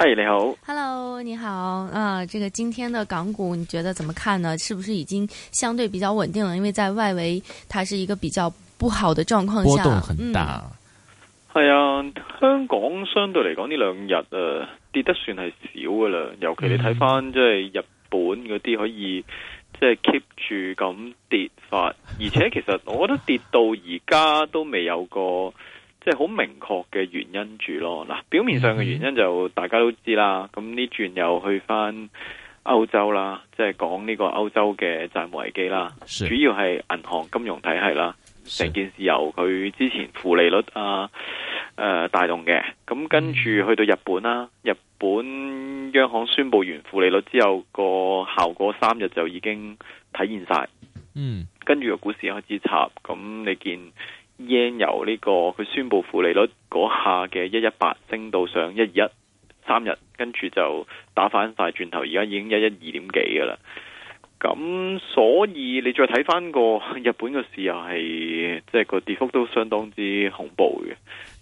誒，Hi, 你好，Hello，你好，啊，這個今天的港股你覺得怎麼看呢？是不是已經相對比較穩定了？因為在外圍，它是一個比較不好的狀況下，波動很大。係、嗯、啊，香港相對嚟講呢兩日啊，跌得算係少噶啦，尤其你睇返即係日本嗰啲可以、嗯、即係 keep 住咁跌法， 而且其實我覺得跌到而家都未有個。即係好明確嘅原因住咯，嗱，表面上嘅原因就大家都知啦，咁呢轉又去翻歐洲啦，即係講呢個歐洲嘅債務危機啦，是主要係銀行金融體系啦，成是件事由佢之前負利率啊，誒，帶動嘅，咁跟住去到日本啦，日本央行宣布完負利率之後，個效果三日就已經體現晒，嗯，跟住個股市開始插，咁你見。yen 由呢個佢宣布負利率嗰下嘅一一八升到上一二一三日，跟住就打返大轉頭，而家已經一一二點幾㗎啦。咁所以你再睇翻個日本嘅市又係即係個跌幅都相當之恐怖嘅。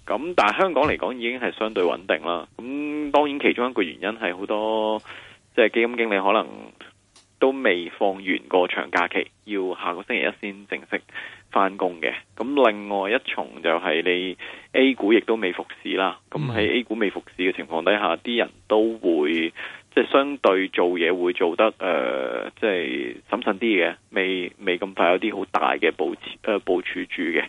咁但係香港嚟講已經係相對穩定啦。咁當然其中一個原因係好多即係、就是、基金經理可能都未放完個長假期，要下個星期一先正式翻工嘅，咁另外一重就係你 A 股亦都未復市啦，咁喺 A 股未復市嘅情況底下，啲人都會即係相對做嘢會做得誒、呃，即係審慎啲嘅，未未咁快有啲好大嘅部署誒部署住嘅。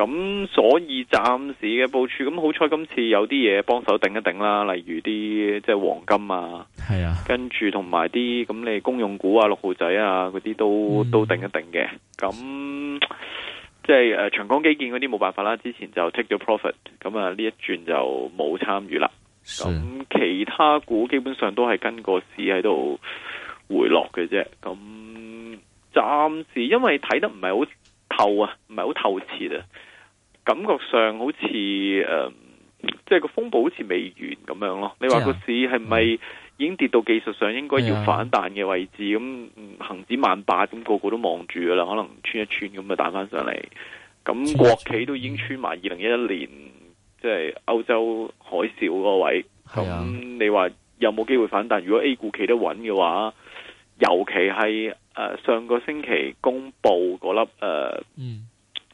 咁所以暫時嘅部署，咁好彩今次有啲嘢幫手頂一頂啦，例如啲即係黃金啊，係啊，跟住同埋啲咁你公用股啊、六號仔啊嗰啲都、嗯、都頂一頂嘅。咁即係誒、呃、長江基建嗰啲冇辦法啦，之前就 take 咗 profit，咁啊呢一轉就冇參與啦。咁係其他股基本上都係跟個市喺度回落嘅啫。咁暫時因為睇得唔係好透啊，唔係好透徹啊。感覺上好似，誒、呃，即係個風暴好似未完咁樣咯。你話個市係咪已經跌到技術上應該要反彈嘅位置？咁、啊嗯、恒指萬八，咁、嗯、個個都望住噶啦，可能穿一穿咁就彈翻上嚟。咁國企都已經穿埋二零一一年，即係歐洲海嘯嗰位。咁、啊、你話有冇機會反彈？如果 A 股企得穩嘅話，尤其係誒、呃、上個星期公布嗰粒誒。呃嗯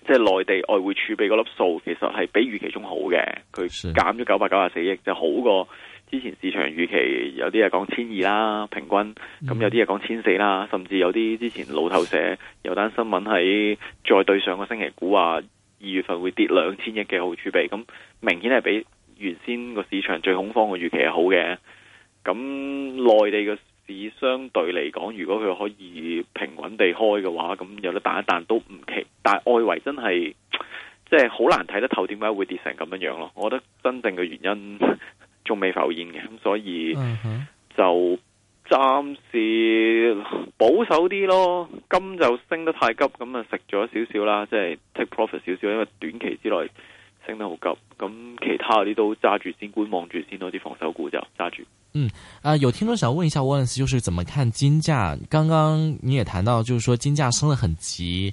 即係內地外匯儲備嗰粒數，其實係比預期中好嘅。佢減咗九百九十四億，就好過之前市場預期有啲係講千二啦，平均咁有啲係講千四啦，甚至有啲之前路透社有單新聞喺再對上個星期估話二月份會跌兩千億嘅外匯儲備，咁明顯係比原先個市場最恐慌嘅預期係好嘅。咁內地嘅市相對嚟講，如果佢可以平穩地開嘅話，咁有得彈一彈都唔奇。但係外圍真係，即係好難睇得透，點解會跌成咁樣樣咯？我覺得真正嘅原因仲未浮現嘅，咁所以就暫時保守啲咯。金就升得太急，咁啊食咗少少啦，即係 take profit 少少，因為短期之內。升得好急，咁其他啲都揸住先觀望住先，多啲防守股就揸住。嗯，啊、呃，有聽眾想問一下，Wallace，就是怎麼看金價？剛剛你也談到，就是說金價升得很急，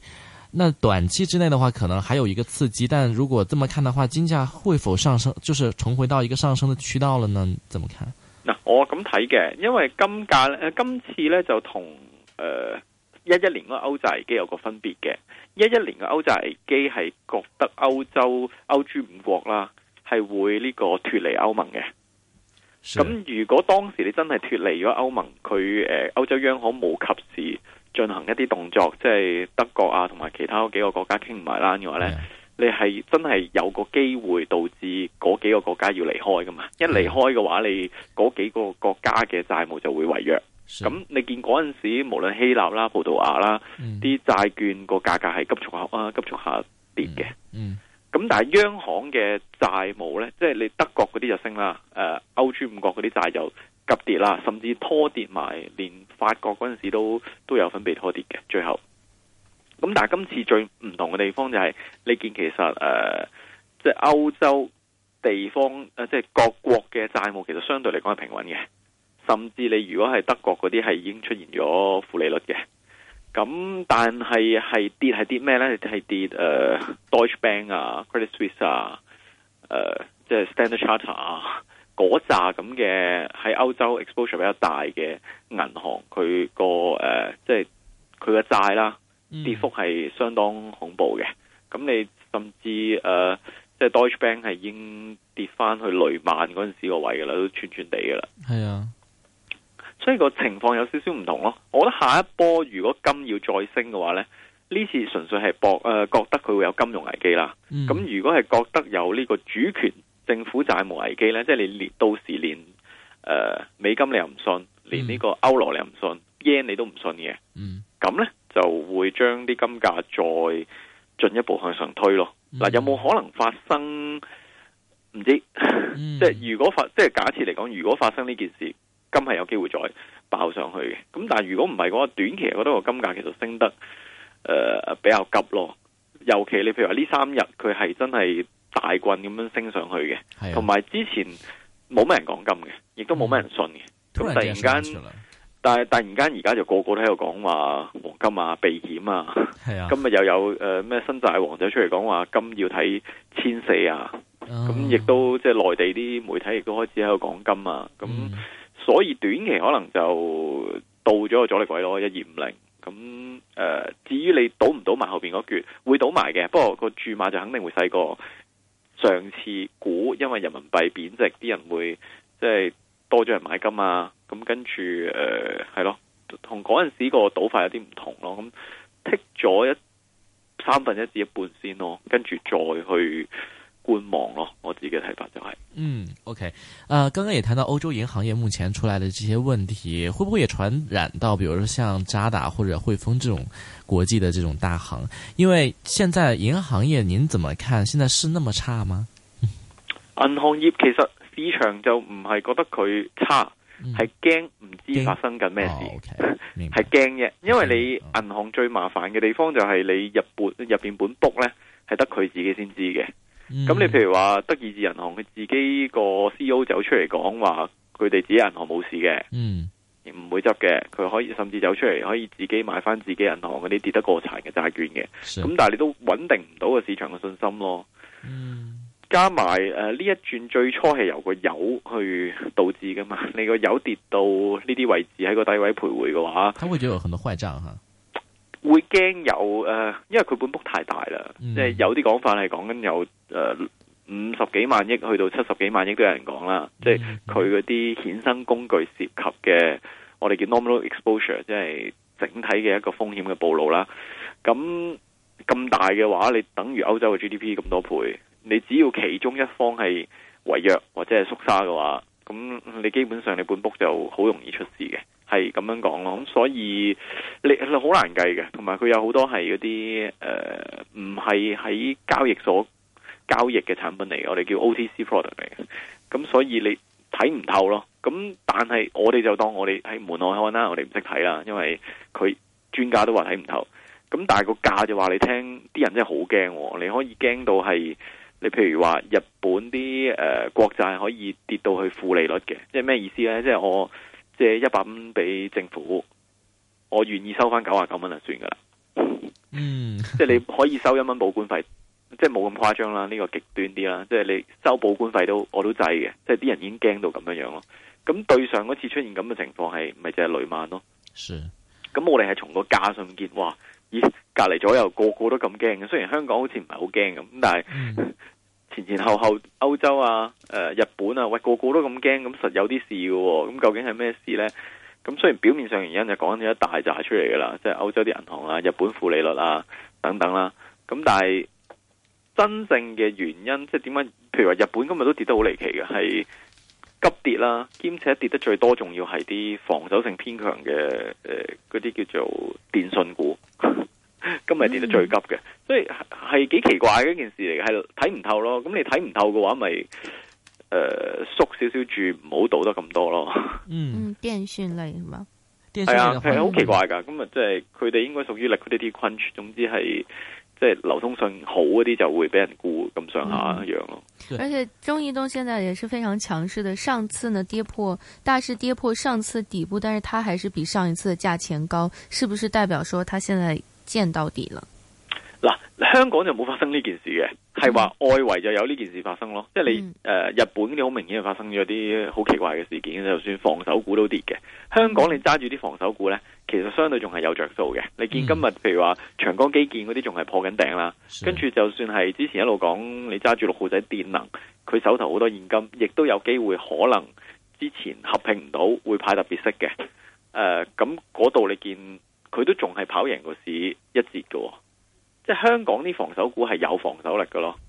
那短期之內的話，可能還有一個刺激，但如果這麼看的話，金價會否上升？就是重回到一個上升的渠道了呢？怎麼看？嗱、呃，我咁睇嘅，因為金價誒、呃，今次咧就同誒。呃一一年嗰個歐債危機有個分別嘅，一一年嘅歐債危機係覺得歐洲歐豬五國啦，係會呢個脱離歐盟嘅。咁如果當時你真係脱離咗歐盟，佢誒歐洲央行冇及時進行一啲動作，即係德國啊同埋其他幾個國家傾唔埋欄嘅話呢？的你係真係有個機會導致嗰幾個國家要離開噶嘛？的一離開嘅話，你嗰幾個國家嘅債務就會違約。咁你見嗰陣時，無論希臘啦、葡萄牙啦，啲、嗯、債券個價格係急速下啊，急速下跌嘅。咁、嗯嗯、但係央行嘅債務咧，即、就、係、是、你德國嗰啲就升啦，誒、呃，歐豬五國嗰啲債就急跌啦，甚至拖跌埋，連法國嗰陣時都都有份被拖跌嘅。最後，咁但係今次最唔同嘅地方就係、是，你見其實誒，即、呃、係、就是、歐洲地方誒，即、呃、係、就是、各國嘅債務其實相對嚟講係平穩嘅。甚至你如果係德國嗰啲係已經出現咗負利率嘅，咁但係係跌係跌咩咧？係跌誒、呃，Deutsche Bank 啊，Credit Suisse 啊，誒、呃，即係 Standard Chartered 啊，嗰扎咁嘅喺歐洲 exposure 比較大嘅銀行，佢個誒、呃，即係佢嘅債啦，嗯、跌幅係相當恐怖嘅。咁你甚至誒、呃，即係 Deutsche Bank 係已經跌翻去雷曼嗰陣時個位噶啦，都串串地噶啦。係啊。所以個情況有少少唔同咯。我覺得下一波如果金要再升嘅話呢，呢次純粹係博誒、呃，覺得佢會有金融危機啦。咁、嗯、如果係覺得有呢個主權政府債務危機呢，即係你到時連、呃、美金你又唔信，嗯、連呢個歐羅你又唔信，yen 你都唔信嘅，咁呢就會將啲金價再進一步向上推咯。嗱、嗯，有冇可能發生唔知？嗯、 即係如果發，即係假設嚟講，如果發生呢件事。金係有機會再爆上去嘅，咁但係如果唔係嘅話，短期我覺得個金價其實升得誒、呃、比較急咯。尤其你譬如話呢三日佢係真係大棍咁樣升上去嘅，同埋、啊、之前冇咩人講金嘅，亦都冇咩人信嘅。咁、嗯嗯、突然間，但係突然間而家就個個都喺度講話黃金啊避險啊。係啊，今日又有誒咩、呃、新債王者出嚟講話金要睇千四啊。咁亦、嗯、都即係內地啲媒體亦都開始喺度講金啊。咁所以短期可能就到咗個阻力位咯，一二五零。咁誒、呃，至於你賭唔賭埋後邊嗰橛，會賭埋嘅。不過個注碼就肯定會細過上次股，因為人民幣貶值，啲人會即係多咗人買金啊。咁跟住誒，係、呃、咯，同嗰陣時個賭法有啲唔同咯。咁剔咗一三分一至一半先咯，跟住再去。觀望咯，我自己嘅睇法就係，嗯，OK，啊、呃，剛剛也談到歐洲銀行業目前出來的這些問題，會不會也傳染到，比如說像渣打或者匯豐這種國際的這種大行？因為現在銀行業，您怎麼看？現在是那麼差嗎？銀行業其實市場就唔係覺得佢差，係驚唔知發生緊咩事，係驚嘅。因為你銀行最麻煩嘅地方就係你入本、哦、入邊本 book 呢，係得佢自己先知嘅。咁、嗯、你譬如話德意志銀行佢自己個 CEO 走出嚟講話，佢哋自己銀行冇事嘅，唔、嗯、會執嘅，佢可以甚至走出嚟可以自己買翻自己銀行嗰啲跌得過殘嘅債券嘅，咁是但係你都穩定唔到個市場嘅信心咯。嗯、加埋誒呢一轉最初係由個油去導致噶嘛，你個油跌到呢啲位置喺個低位徘徊嘅話，佢會就有很多壞賬吓。會驚有誒、呃，因為佢本 book 太大啦，嗯、即係有啲講法係講緊有誒五十幾萬億去到七十幾萬億都有人講啦，嗯、即係佢嗰啲衍生工具涉及嘅我哋叫 nominal exposure，即係整體嘅一個風險嘅暴露啦。咁咁大嘅話，你等於歐洲嘅 GDP 咁多倍，你只要其中一方係違約或者係縮沙嘅話。咁你基本上你本 book 就好容易出事嘅，係咁樣講咯。咁所以你好難計嘅，同埋佢有好多係嗰啲誒唔係喺交易所交易嘅產品嚟，我哋叫 OTC product 嚟嘅。咁所以你睇唔透咯。咁但係我哋就當我哋喺門外看啦，我哋唔識睇啦，因為佢專家都話睇唔透。咁但係個價就話你聽，啲人真係好驚喎，你可以驚到係。你譬如話日本啲誒、呃、國債可以跌到去負利率嘅，即係咩意思咧？即係我借一百蚊俾政府，我願意收翻九啊九蚊就算噶啦。嗯，即係你可以收一蚊保管費，即係冇咁誇張啦。呢、這個極端啲啦，即係你收保管費都我都制嘅。即係啲人已經驚到咁樣樣咯。咁對上嗰次出現咁嘅情況係咪就係雷曼咯？是。咁我哋係從個價上見，哇！咦，隔籬左右個個都咁驚，雖然香港好似唔係好驚咁，但係、嗯。前前後後歐洲啊、誒、呃、日本啊，喂個個都咁驚，咁、嗯、實有啲事嘅、哦，咁、嗯、究竟係咩事呢？咁、嗯、雖然表面上原因就講咗一大紮出嚟噶啦，即係歐洲啲銀行啊、日本負利率啊等等啦、啊，咁但係真正嘅原因，即係點樣？譬如話日本今日都跌得好離奇嘅，係急跌啦、啊，兼且跌得最多，仲要係啲防守性偏強嘅嗰啲叫做電信股。今日跌得最急嘅，嗯、所以係幾奇怪嘅一件事嚟嘅，係睇唔透咯。咁你睇唔透嘅話，咪誒縮少少住，唔好賭得咁多咯。嗯，電訊類係嘛？係啊，係好奇怪噶。咁啊、就是，即係佢哋應該屬於嗱嗰啲啲昆，總之係即係流通性好嗰啲，就會俾人估咁上下一樣咯子。對而且中移動現在也是非常強勢嘅。上次呢跌破大市，跌破上次底部，但是它還是比上一次嘅價錢高，是不是代表說它現在？見到底啦！嗱，香港就冇發生呢件事嘅，係話、嗯、外圍就有呢件事發生咯。即係你誒、嗯呃，日本你好明顯就發生咗啲好奇怪嘅事件，就算防守股都跌嘅。香港你揸住啲防守股呢，其實相對仲係有着數嘅。你見今日、嗯、譬如話長江基建嗰啲仲係破緊頂啦，的跟住就算係之前一路講你揸住六號仔電能，佢手頭好多現金，亦都有機會可能之前合併唔到會派特別息嘅。誒、呃，咁嗰度你見？佢都仲係跑贏個市一截嘅，哦，即係香港啲防守股係有防守力嘅咯，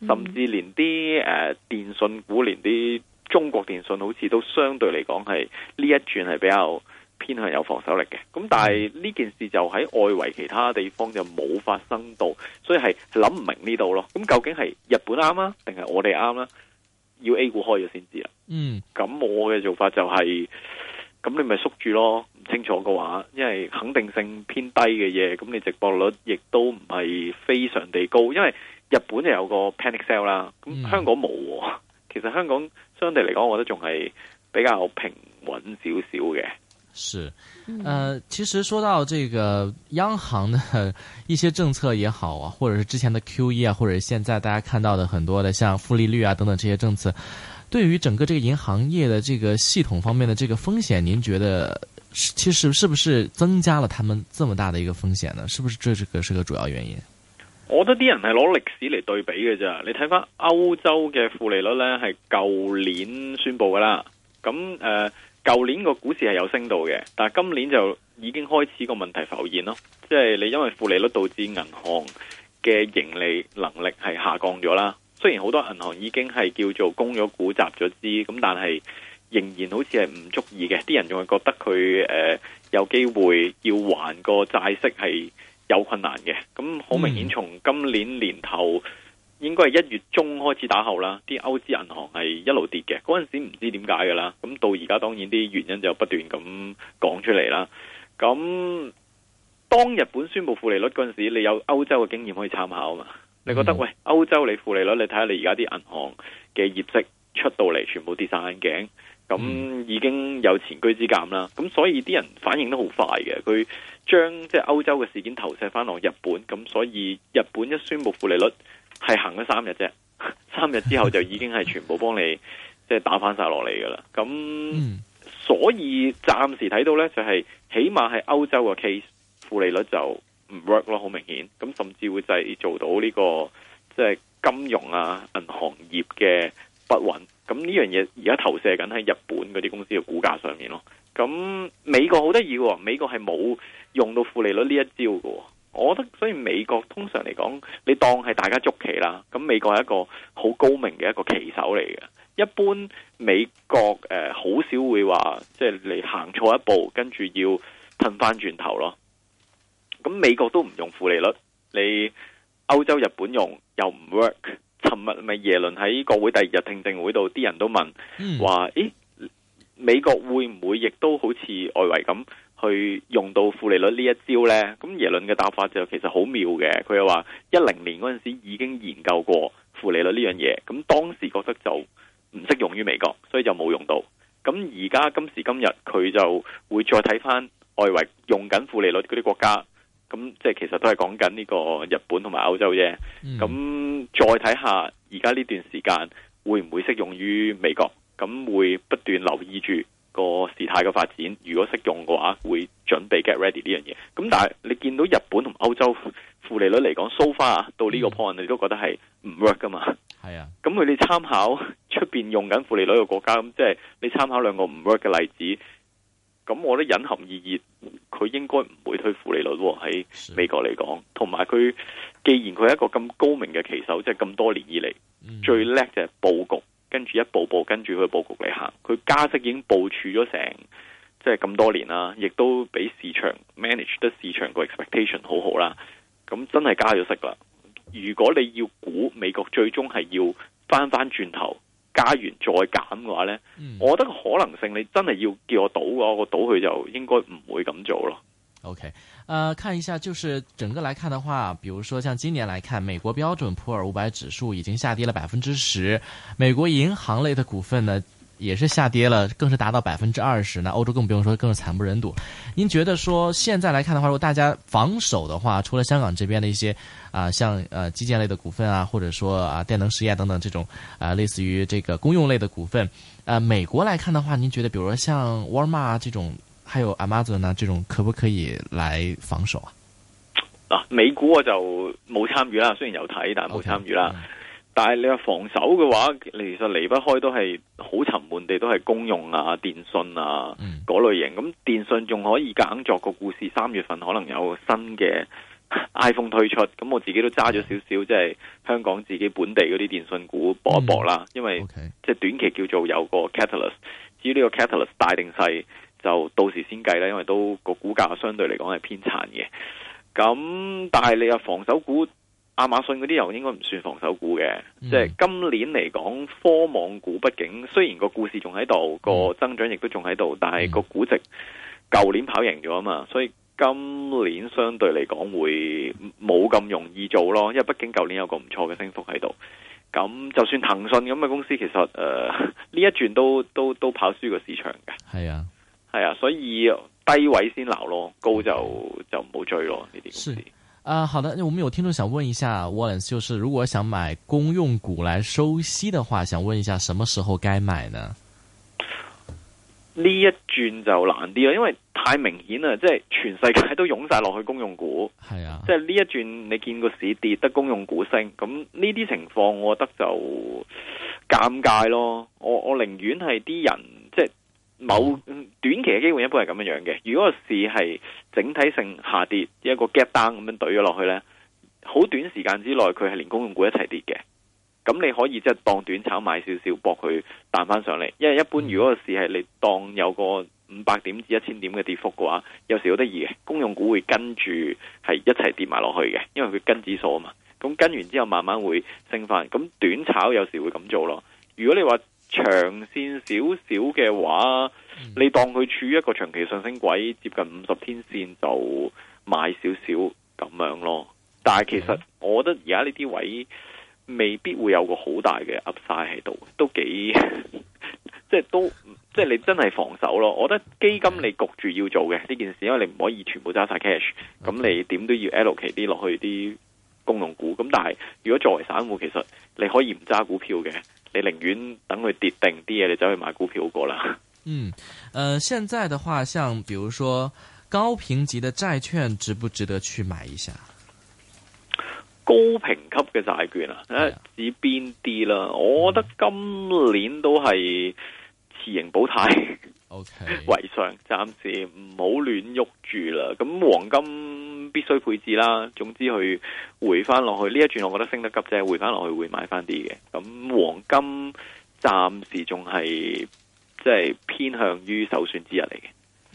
甚至連啲誒、呃、電信股，連啲中國電信好似都相對嚟講係呢一轉係比較偏向有防守力嘅。咁但係呢件事就喺外圍其他地方就冇發生到，所以係諗唔明呢度咯。咁究竟係日本啱啊，定係我哋啱啦？要 A 股開咗先知啊。嗯，咁我嘅做法就係、是。咁你咪縮住咯，唔清楚嘅話，因為肯定性偏低嘅嘢，咁你直播率亦都唔係非常地高，因為日本就有個 panic sell 啦，咁香港冇，嗯、其實香港相對嚟講，我覺得仲係比較平穩少少嘅。是，呃，其實說到這個央行的一些政策也好啊，或者是之前的 QE 啊，或者現在大家看到的很多的像負利率啊等等這些政策。對於整個這個銀行業的這個系統方面的這個風險，您覺得其實是不是增加了他們這麼大的一個風險呢？是不是這這個是個主要原因？我覺得啲人係攞歷史嚟對比嘅啫，你睇翻歐洲嘅負利率呢？係舊年宣布噶啦，咁誒舊年個股市係有升到嘅，但係今年就已經開始個問題浮現咯，即係你因為負利率導致銀行嘅盈利能力係下降咗啦。雖然好多銀行已經係叫做供咗股、集咗資，咁但係仍然好似係唔足以嘅，啲人仲係覺得佢誒、呃、有機會要還個債息係有困難嘅。咁好明顯，從今年年頭應該係一月中開始打後啦，啲歐資銀行係一路跌嘅。嗰陣時唔知點解噶啦，咁到而家當然啲原因就不斷咁講出嚟啦。咁當日本宣布負利率嗰陣時，你有歐洲嘅經驗可以參考啊嘛。你覺得喂歐洲你負利率，你睇下你而家啲銀行嘅業績出到嚟，全部跌晒眼鏡，咁已經有前車之鑑啦。咁所以啲人反應都好快嘅，佢將即係歐洲嘅事件投射翻落日本，咁所以日本一宣布負利率，係行咗三日啫，三日之後就已經係全部幫你即係、就是、打翻晒落嚟噶啦。咁所以暫時睇到呢，就係、是、起碼係歐洲嘅 case 負利率就。唔 work 咯，好明顯，咁甚至會製造到呢、這個即係、就是、金融啊、銀行業嘅不穩，咁呢樣嘢而家投射緊喺日本嗰啲公司嘅股價上面咯。咁美國好得意嘅，美國係冇用到負利率呢一招嘅。我覺得所以美國通常嚟講，你當係大家捉棋啦。咁美國係一個好高明嘅一個棋手嚟嘅。一般美國誒好、呃、少會話即係你行錯一步，跟住要褪翻轉頭咯。咁美國都唔用負利率，你歐洲、日本用又唔 work。尋日咪耶倫喺國會第二日聽證會度，啲人都問話：「咦，美國會唔會亦都好似外圍咁去用到負利率呢一招呢？」咁耶倫嘅答法就其實好妙嘅，佢又話一零年嗰陣時已經研究過負利率呢樣嘢，咁當時覺得就唔適用於美國，所以就冇用到。咁而家今時今日，佢就會再睇翻外圍用緊負利率嗰啲國家。咁即係其實都係講緊呢個日本同埋歐洲啫。咁、嗯、再睇下而家呢段時間會唔會適用於美國？咁會不斷留意住個事態嘅發展。如果適用嘅話，會準備 get ready 呢樣嘢。咁但係你見到日本同歐洲負利率嚟講，so far 到呢個 point、嗯、你都覺得係唔 work 噶嘛？係啊。咁佢哋參考出邊用緊負利率嘅國家，咁即係你參考兩個唔 work 嘅例子，咁我覺得隱含意義。佢應該唔會推負利率喎、啊。喺美國嚟講，同埋佢既然佢係一個咁高明嘅棋手，即係咁多年以嚟、嗯、最叻就係佈局，跟住一步步跟住佢佈局嚟行。佢加息已經部署咗成即係咁多年啦，亦都俾市場 manage 得市場個 expectation 好好啦。咁真係加咗息啦。如果你要估美國最終係要翻翻轉頭。加完再減嘅話呢，我覺得個可能性，你真係要叫我賭嘅話，我賭佢就應該唔會咁做咯。OK，誒、呃，看一下，就是整個來看嘅話，比如說像今年來看，美國標準普爾五百指數已經下跌了百分之十，美國銀行類嘅股份呢？也是下跌了，更是達到百分之二十。那歐洲更不用說，更是慘不忍睹。您覺得說現在來看的話，如果大家防守的話，除了香港這邊的一些啊、呃，像呃基建類的股份啊，或者說啊電能實業等等這種啊、呃，類似於這個公用類的股份，呃，美國來看的話，您覺得比如說像沃爾瑪這種，還有 Amazon 呢、啊、這種，可不可以來防守啊？啊，美股我就冇參與啦，雖然有睇，但冇參與啦。Okay. 但係你話防守嘅話，其實離不開都係好沉悶地都係公用啊、電信啊嗰、嗯、類型。咁電信仲可以夾硬作個故事，三月份可能有新嘅 iPhone 推出。咁我自己都揸咗少少，嗯、即係香港自己本地嗰啲電信股搏一搏啦。嗯、因為 okay. 即係短期叫做有個 catalyst。至於呢個 catalyst 大定細，就到時先計啦。因為都個股價相對嚟講係偏殘嘅。咁但係你話防守股？亞馬遜嗰啲又應該唔算防守股嘅，嗯、即係今年嚟講，科網股畢竟雖然個故事仲喺度，個、嗯、增長亦都仲喺度，但係個估值舊年跑贏咗吖嘛，所以今年相對嚟講會冇咁容易做咯，因為畢竟舊年有個唔錯嘅升幅喺度。咁就算騰訊咁嘅公司，其實誒呢、呃、一轉都都都跑輸個市場嘅。係啊，係啊，所以低位先鬧咯，高就就唔好追咯呢啲公司。啊、呃，好的，我們有聽眾想問一下 Wallace 就是如果想買公用股來收息的話，想問一下什麼時候該買呢？呢一轉就難啲咯，因為太明顯啦，即係全世界都湧晒落去公用股，係啊，即係呢一轉你見個市跌得公用股升，咁呢啲情況我覺得就尷尬咯，我我寧願係啲人。某短期嘅機會一般係咁樣樣嘅。如果個市係整體性下跌，一個 gap down 咁樣懟咗落去呢，好短時間之內佢係連公用股一齊跌嘅。咁你可以即係當短炒買少少，搏佢彈翻上嚟。因為一般如果個市係你當有個五百點至一千點嘅跌幅嘅話，有時好得意嘅，公用股會跟住係一齊跌埋落去嘅，因為佢跟指數啊嘛。咁跟完之後慢慢會升翻。咁短炒有時會咁做咯。如果你話，長線少少嘅話，你當佢處於一個長期上升軌，接近五十天線就買少少咁樣咯。但係其實我覺得而家呢啲位未必會有個好大嘅 upside 喺度，都幾 即係都即係你真係防守咯。我覺得基金你焗住要做嘅呢件事，因為你唔可以全部揸晒 cash，咁、mm hmm. 你點都要 lucky 啲落去啲公用股。咁但係如果作為散戶，其實你可以唔揸股票嘅。你寧願等佢跌定啲嘢，你走去買股票好過啦。嗯，誒、呃，現在的話，像比如說高評級的債券，值不值得去買一下？高評級嘅債券啊，誒、啊，指邊啲啦？嗯、我覺得今年都係持盈保泰。 OK，為上暫時唔好亂喐住啦。咁黃金必須配置啦。總之佢回翻落去呢一轉，我覺得升得急，啫。回翻落去會買翻啲嘅。咁黃金暫時仲係即係偏向於首選之一嚟嘅。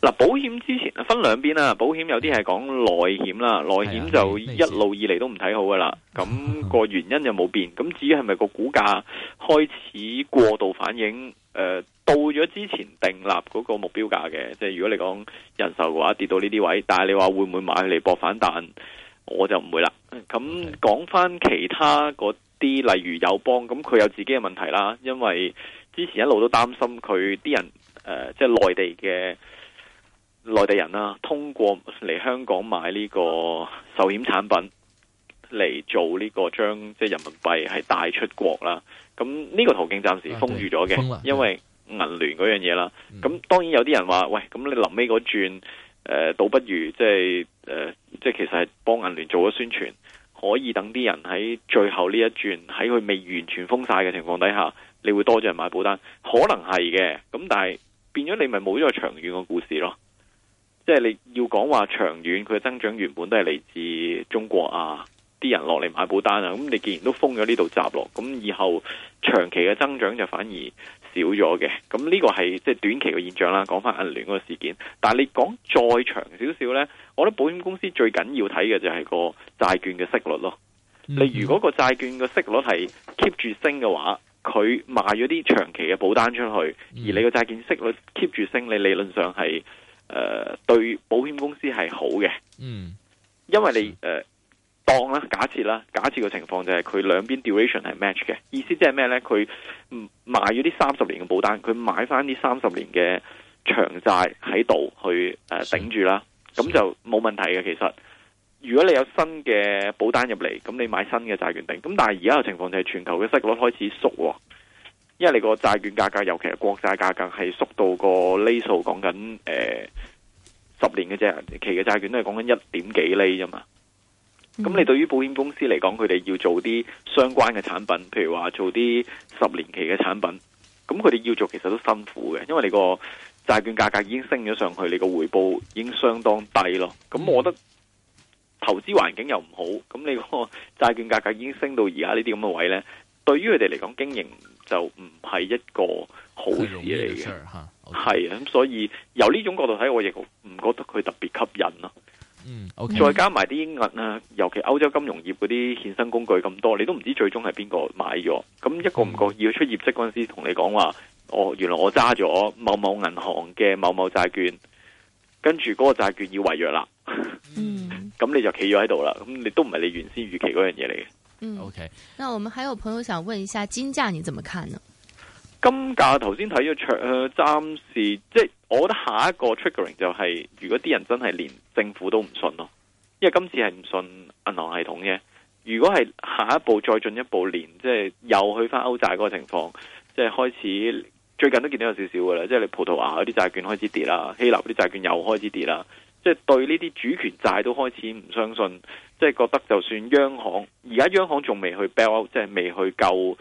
嗱，保險之前分兩邊啦，保險有啲係講內險啦，內險就一路以嚟都唔睇好噶啦，咁個原因就冇變。咁至於係咪個股價開始過度反映？誒、呃，到咗之前訂立嗰個目標價嘅，即係如果你講人壽嘅話，跌到呢啲位，但係你話會唔會買嚟博反彈？我就唔會啦。咁講翻其他嗰啲，例如友邦，咁佢有自己嘅問題啦，因為之前一路都擔心佢啲人誒，即係內地嘅。內地人啦、啊，通過嚟香港買呢個壽險產品嚟做呢、這個將即係人民幣係帶出國啦。咁呢個途徑暫時封住咗嘅，因為銀聯嗰樣嘢啦。咁當然有啲人話，喂，咁你臨尾嗰轉，倒不如即係誒，即係、呃、其實係幫銀聯做咗宣傳，可以等啲人喺最後呢一轉喺佢未完全封晒嘅情況底下，你會多咗人買保單，可能係嘅。咁但係變咗你咪冇咗個長遠嘅故事咯。即係你要講話長遠，佢嘅增長原本都係嚟自中國啊，啲人落嚟買保單啊。咁你既然都封咗呢度閘落，咁以後長期嘅增長就反而少咗嘅。咁呢個係即係短期嘅現象啦。講翻銀聯嗰個事件，但係你講再長少少呢，我覺得保險公司最緊要睇嘅就係個債券嘅息率咯。你、嗯、如果個債券嘅息率係 keep 住升嘅話，佢賣咗啲長期嘅保單出去，而你嘅債券息率 keep 住升，你理論上係。誒、呃，對保險公司係好嘅，嗯，因為你誒、呃，當啦，假設啦，假設個情況就係佢兩邊 duration 係 match 嘅，意思即係咩呢？佢賣咗啲三十年嘅保單，佢買翻啲三十年嘅長債喺度去誒頂住啦，咁就冇問題嘅。其實如果你有新嘅保單入嚟，咁你買新嘅債券頂，咁但係而家嘅情況就係全球嘅息率開始縮。因為你個債券價格，尤其係國債價格，係縮到個厘數，講緊、呃、十年嘅啫，期嘅債券都係講緊一點幾厘啫嘛。咁、嗯、你對於保險公司嚟講，佢哋要做啲相關嘅產品，譬如話做啲十年期嘅產品，咁佢哋要做其實都辛苦嘅，因為你個債券價格已經升咗上去，你個回報已經相當低咯。咁我覺得投資環境又唔好，咁你個債券價格已經升到而家呢啲咁嘅位呢，對於佢哋嚟講經營。就唔係一個好事嚟嘅。係啊、嗯，咁、okay. 所以由呢種角度睇，我亦唔覺得佢特別吸引咯。嗯，okay. 再加埋啲英銀啊，尤其歐洲金融業嗰啲衍生工具咁多，你都唔知最終係邊個買咗。咁一個唔覺意要出業績嗰陣時，同你講話，哦，原來我揸咗某某銀行嘅某某債券，跟住嗰個債券要違約啦。 嗯，咁你就企咗喺度啦。咁你都唔係你原先預期嗰樣嘢嚟嘅。嗯，OK。那我們還有朋友想問一下金價，你怎麼看呢？金價頭先睇咗，誒、呃，暫時即係我覺得下一個 triggering 就係、是、如果啲人真係連政府都唔信咯，因為今次係唔信銀行系統嘅。如果係下一步再進一步連，即係又去返歐債嗰個情況，即係開始最近都見到有少少噶啦，即係你葡萄牙嗰啲債券開始跌啦，希臘嗰啲債券又開始跌啦。即係對呢啲主權債都開始唔相信，即係覺得就算央行而家央行仲未去 bailout，即係未去救，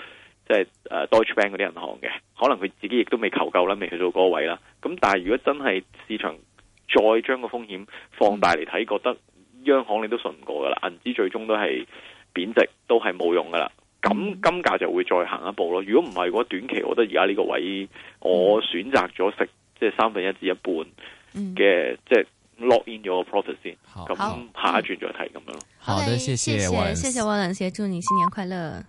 即係誒 Deutsche Bank 嗰啲銀行嘅，可能佢自己亦都未求救啦，未去到嗰個位啦。咁但係如果真係市場再將個風險放大嚟睇，覺得央行你都信唔過噶啦，銀紙最終都係貶值，都係冇用噶啦。咁金價就會再行一步咯。如果唔係，我短期我覺得而家呢個位，我選擇咗食即係三分一至一半嘅，即係。lock in 咗個 process 咁下一轉再睇咁樣咯。好的，謝，謝謝謝，Wallace 姐，謝謝 Wallace, 祝你新年快樂。